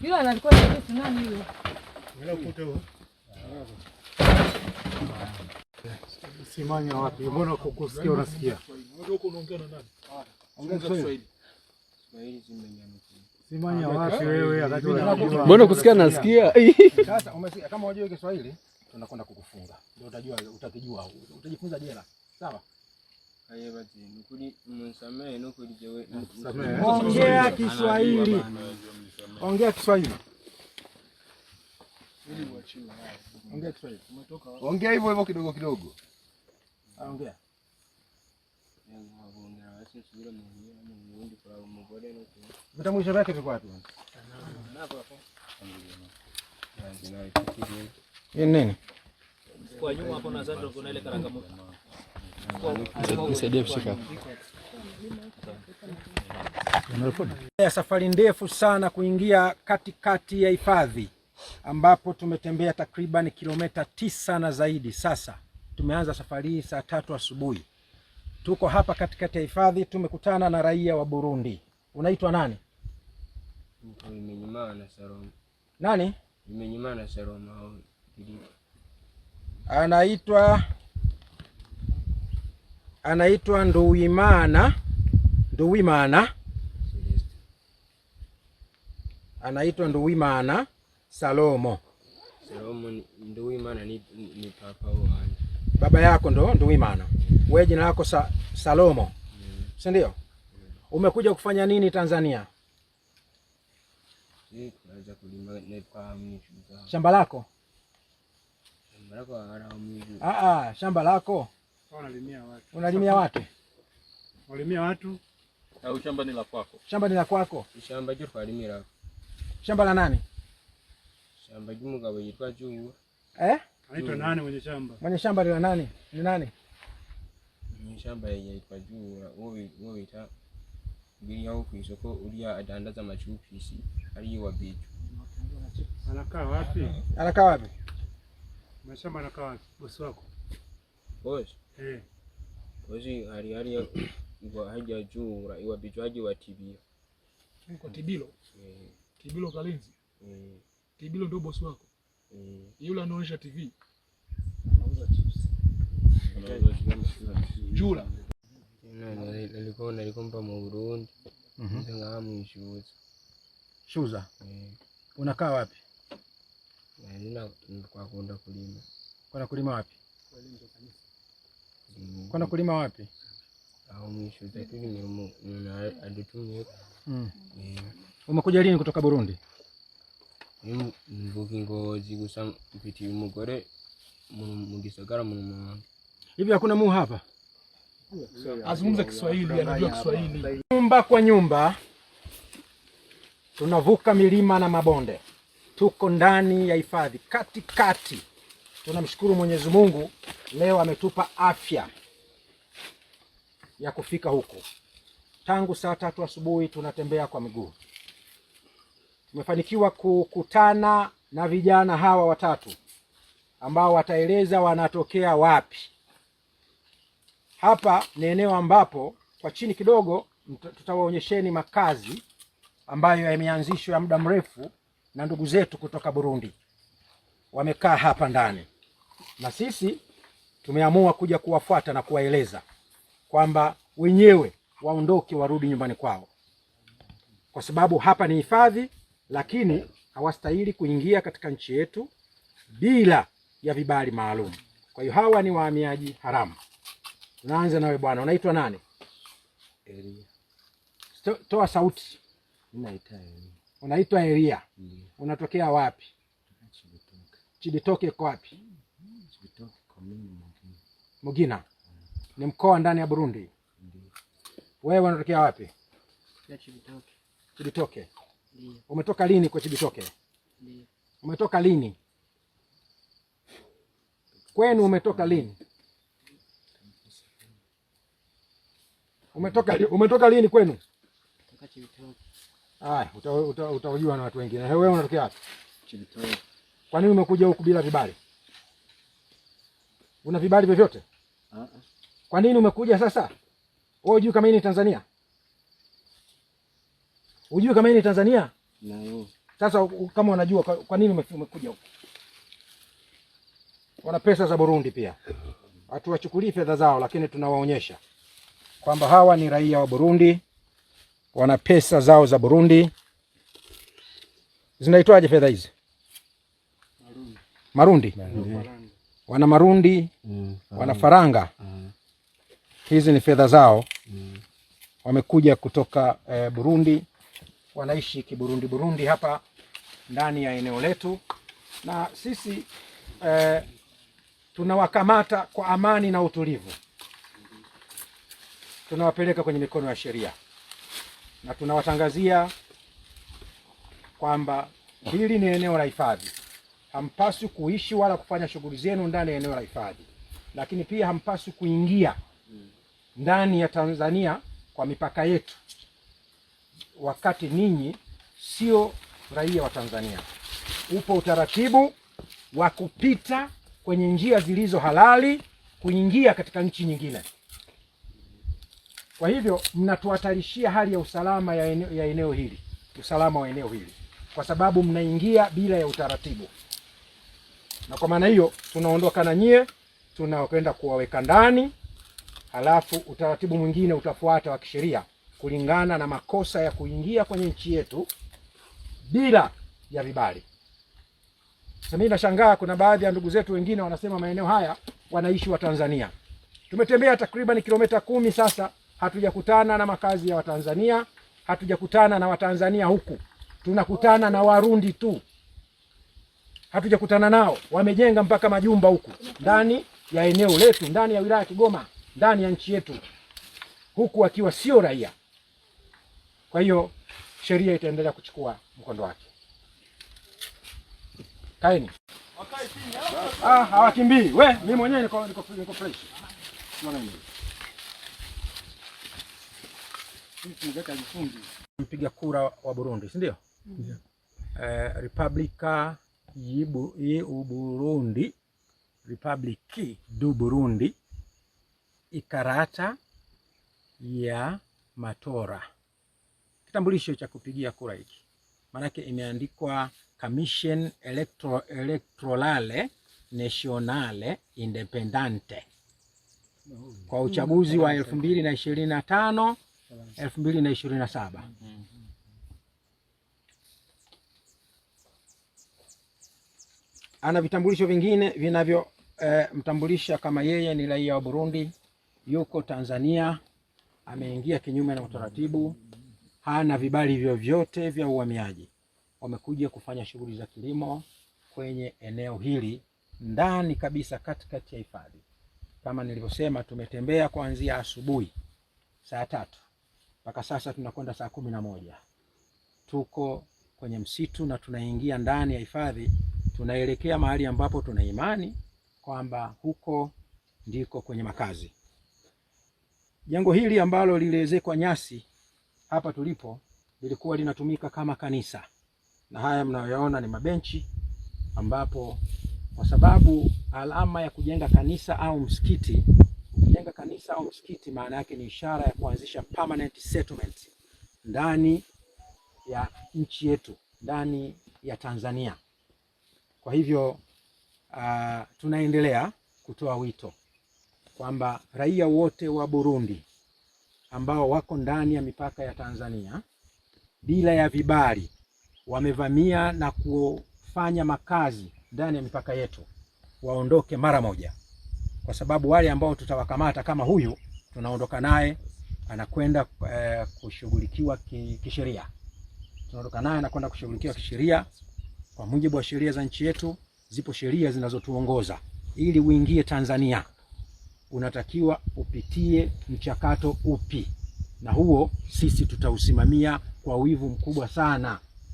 Yule na nani yule? Yule huo. Simanya wapi? Mbona unasikia? uko unaongea na nani? Simanya ah, wapi wewe? Mbona kusikia nasikia? Sasa umesikia kama unajua Kiswahili tunakwenda kukufunga. Ndio utajua utakijua. Utajifunza jela. Sawa? Ongea Kiswahili, ongea Kiswahili, ongea hivyo hivyo kidogo kidogo, ah, ongea yaani, vitambulisho vyake viko wapi? Nini? ya safari ndefu sana kuingia katikati ya hifadhi ambapo tumetembea takriban kilomita tisa na zaidi. Sasa tumeanza safari hii saa tatu asubuhi, tuko hapa katikati ya hifadhi. Tumekutana na raia wa Burundi. Unaitwa nani? Nani? Anaitwa anaitwa Nduwimana Nduwimana anaitwa Nduwimana Salomo. Salomo Nduwimana ni, ni papa wangu. Baba yako ndo Nduwimana, wewe jina lako sa, Salomo mm. si ndio? Mm. umekuja kufanya nini Tanzania? shamba lako shamba lako, Unalimia watu, unalimia watu, unalimia watu au shamba ni la kwako? Shamba ni la kwako, shamba juu twalimira. Shamba la nani? Shamba juu mugabo kwa juu. Eh, anaitwa nani mwenye shamba? Mwenye shamba ni la nani? Ni nani? Mwenye shamba kwa juu, wewe wewe ita bili yao ku isoko ulia adandaza machupisi ali wa bitu. Anakaa wapi? Anakaa wapi? Mwenye shamba anakaa wapi? Bosi wako boss eh hmm. bosi, hali hali ya haja juu raiwa bichwaji wa Tibilo kwa Tibilo eh Tibilo Kalinzi eh Tibilo ndio boss wako eh, yule anaonyesha TV Anauza Anauza chips. chips. Jula alikuwa nalikuwa nalikompa maurundi mhm. ngaamwishuza shuza. Unakaa wapi? Nina kwa kwenda kulima. Kwa kulima wapi? Kwa Kwenda kulima wapi? Mm. Yeah. Umekuja lini kutoka Burundi? Hivi hakuna mu hapa? Azungumza Kiswahili, anajua Kiswahili. Nyumba kwa nyumba tunavuka milima na mabonde, tuko ndani ya hifadhi katikati Tunamshukuru Mwenyezi Mungu leo ametupa afya ya kufika huko. Tangu saa tatu asubuhi tunatembea kwa miguu, tumefanikiwa kukutana na vijana hawa watatu ambao wataeleza wanatokea wapi. Hapa ni eneo ambapo kwa chini kidogo tutawaonyesheni makazi ambayo yameanzishwa ya muda mrefu na ndugu zetu kutoka Burundi wamekaa hapa ndani, na sisi tumeamua kuja kuwafuata na kuwaeleza kwamba wenyewe waondoke warudi nyumbani kwao, kwa sababu hapa ni hifadhi, lakini hawastahili kuingia katika nchi yetu bila ya vibali maalum. Kwa hiyo hawa ni wahamiaji haramu. Tunaanza nawe bwana, unaitwa nani? Elia. Toa sauti. Unaitwa Elia. Unatokea wapi? Chilitoke iko wapi? Mugina ni mkoa ndani ya Burundi. Wewe unatokea wapi? Chibitoke. Chibitoke. Umetoka lini kwa Chibitoke? Ndiyo. Umetoka lini kwenu? Umetoka lini? Umetoka, umetoka lini kwenu? Haya, utajua na watu wengine. Wewe unatokea wapi? Chibitoke. Kwa nini umekuja huku bila vibali? Una vibali vyovyote? Ah, ah. Kwa nini umekuja sasa? Wewe hujui kama hii ni Tanzania? Hujui kama hii ni Tanzania? Sasa kama unajua kwa, kwa nini umekuja huku? Wana pesa za Burundi pia, hatuwachukulii fedha zao, lakini tunawaonyesha kwamba hawa ni raia wa Burundi, wana pesa zao za Burundi. Zinaitwaje fedha hizi? Marundi mm. wana Marundi mm. wana faranga mm. hizi ni fedha zao mm. wamekuja kutoka eh, Burundi, wanaishi kiburundi Burundi hapa ndani ya eneo letu, na sisi eh, tunawakamata kwa amani na utulivu, tunawapeleka kwenye mikono ya sheria na tunawatangazia kwamba hili ni eneo la hifadhi hampaswi kuishi wala kufanya shughuli zenu ndani ya eneo la hifadhi, lakini pia hampaswi kuingia ndani ya Tanzania kwa mipaka yetu, wakati ninyi sio raia wa Tanzania. Upo utaratibu wa kupita kwenye njia zilizo halali kuingia katika nchi nyingine. Kwa hivyo mnatuhatarishia hali ya usalama ya eneo, ya eneo hili, usalama wa eneo hili, kwa sababu mnaingia bila ya utaratibu na kwa maana hiyo tunaondoka na nyie, tunakwenda kuwaweka ndani, halafu utaratibu mwingine utafuata wa kisheria kulingana na makosa ya kuingia kwenye nchi yetu bila ya vibali. Sasa mimi nashangaa kuna baadhi ya ndugu zetu wengine wanasema maeneo haya wanaishi Watanzania. Tumetembea takriban kilomita kumi sasa, hatujakutana na makazi ya Watanzania, hatujakutana na Watanzania huku, tunakutana na Warundi tu hatujakutana nao, wamejenga mpaka majumba huku ndani ya eneo letu, ndani ya wilaya ya Kigoma, ndani ya nchi yetu, huku akiwa sio raia. Kwa hiyo sheria itaendelea kuchukua mkondo wake. Kaeni ah, hawakimbii we, mimi mwenyewe niko niko niko fresh mpiga kura wa Burundi, si ndio? Yeah. Eh, Republika uburundi republiki du burundi ikarata ya matora kitambulisho cha kupigia kura hiki, maanake imeandikwa Commission Electro, Electorale Nationale Independente kwa uchaguzi wa hmm. elfu mbili na ishirini na tano elfu mbili na ishirini na saba. Hmm. ana vitambulisho vingine vinavyomtambulisha eh, kama yeye ni raia wa Burundi, yuko Tanzania, ameingia kinyume na utaratibu, hana vibali vyovyote vya uhamiaji. Wamekuja kufanya shughuli za kilimo kwenye eneo hili ndani kabisa katikati ya hifadhi. Kama nilivyosema, tumetembea kuanzia asubuhi saa tatu mpaka sasa tunakwenda saa kumi na moja tuko kwenye msitu na tunaingia ndani ya hifadhi tunaelekea mahali ambapo tuna imani kwamba huko ndiko kwenye makazi. Jengo hili ambalo liliezekwa nyasi hapa tulipo lilikuwa linatumika kama kanisa, na haya mnayoyaona ni mabenchi ambapo kwa sababu alama ya kujenga kanisa au msikiti, kujenga kanisa au msikiti, maana yake ni ishara ya kuanzisha permanent settlement ndani ya nchi yetu, ndani ya Tanzania. Kwa hivyo uh, tunaendelea kutoa wito kwamba raia wote wa Burundi ambao wako ndani ya mipaka ya Tanzania bila ya vibali wamevamia na kufanya makazi ndani ya mipaka yetu waondoke mara moja, kwa sababu wale ambao tutawakamata kama huyu tunaondoka naye anakwenda eh, kushughulikiwa kisheria. Tunaondoka naye anakwenda kushughulikiwa kisheria. Kwa mujibu wa sheria za nchi yetu, zipo sheria zinazotuongoza. Ili uingie Tanzania unatakiwa upitie mchakato upi, na huo sisi tutausimamia kwa wivu mkubwa sana.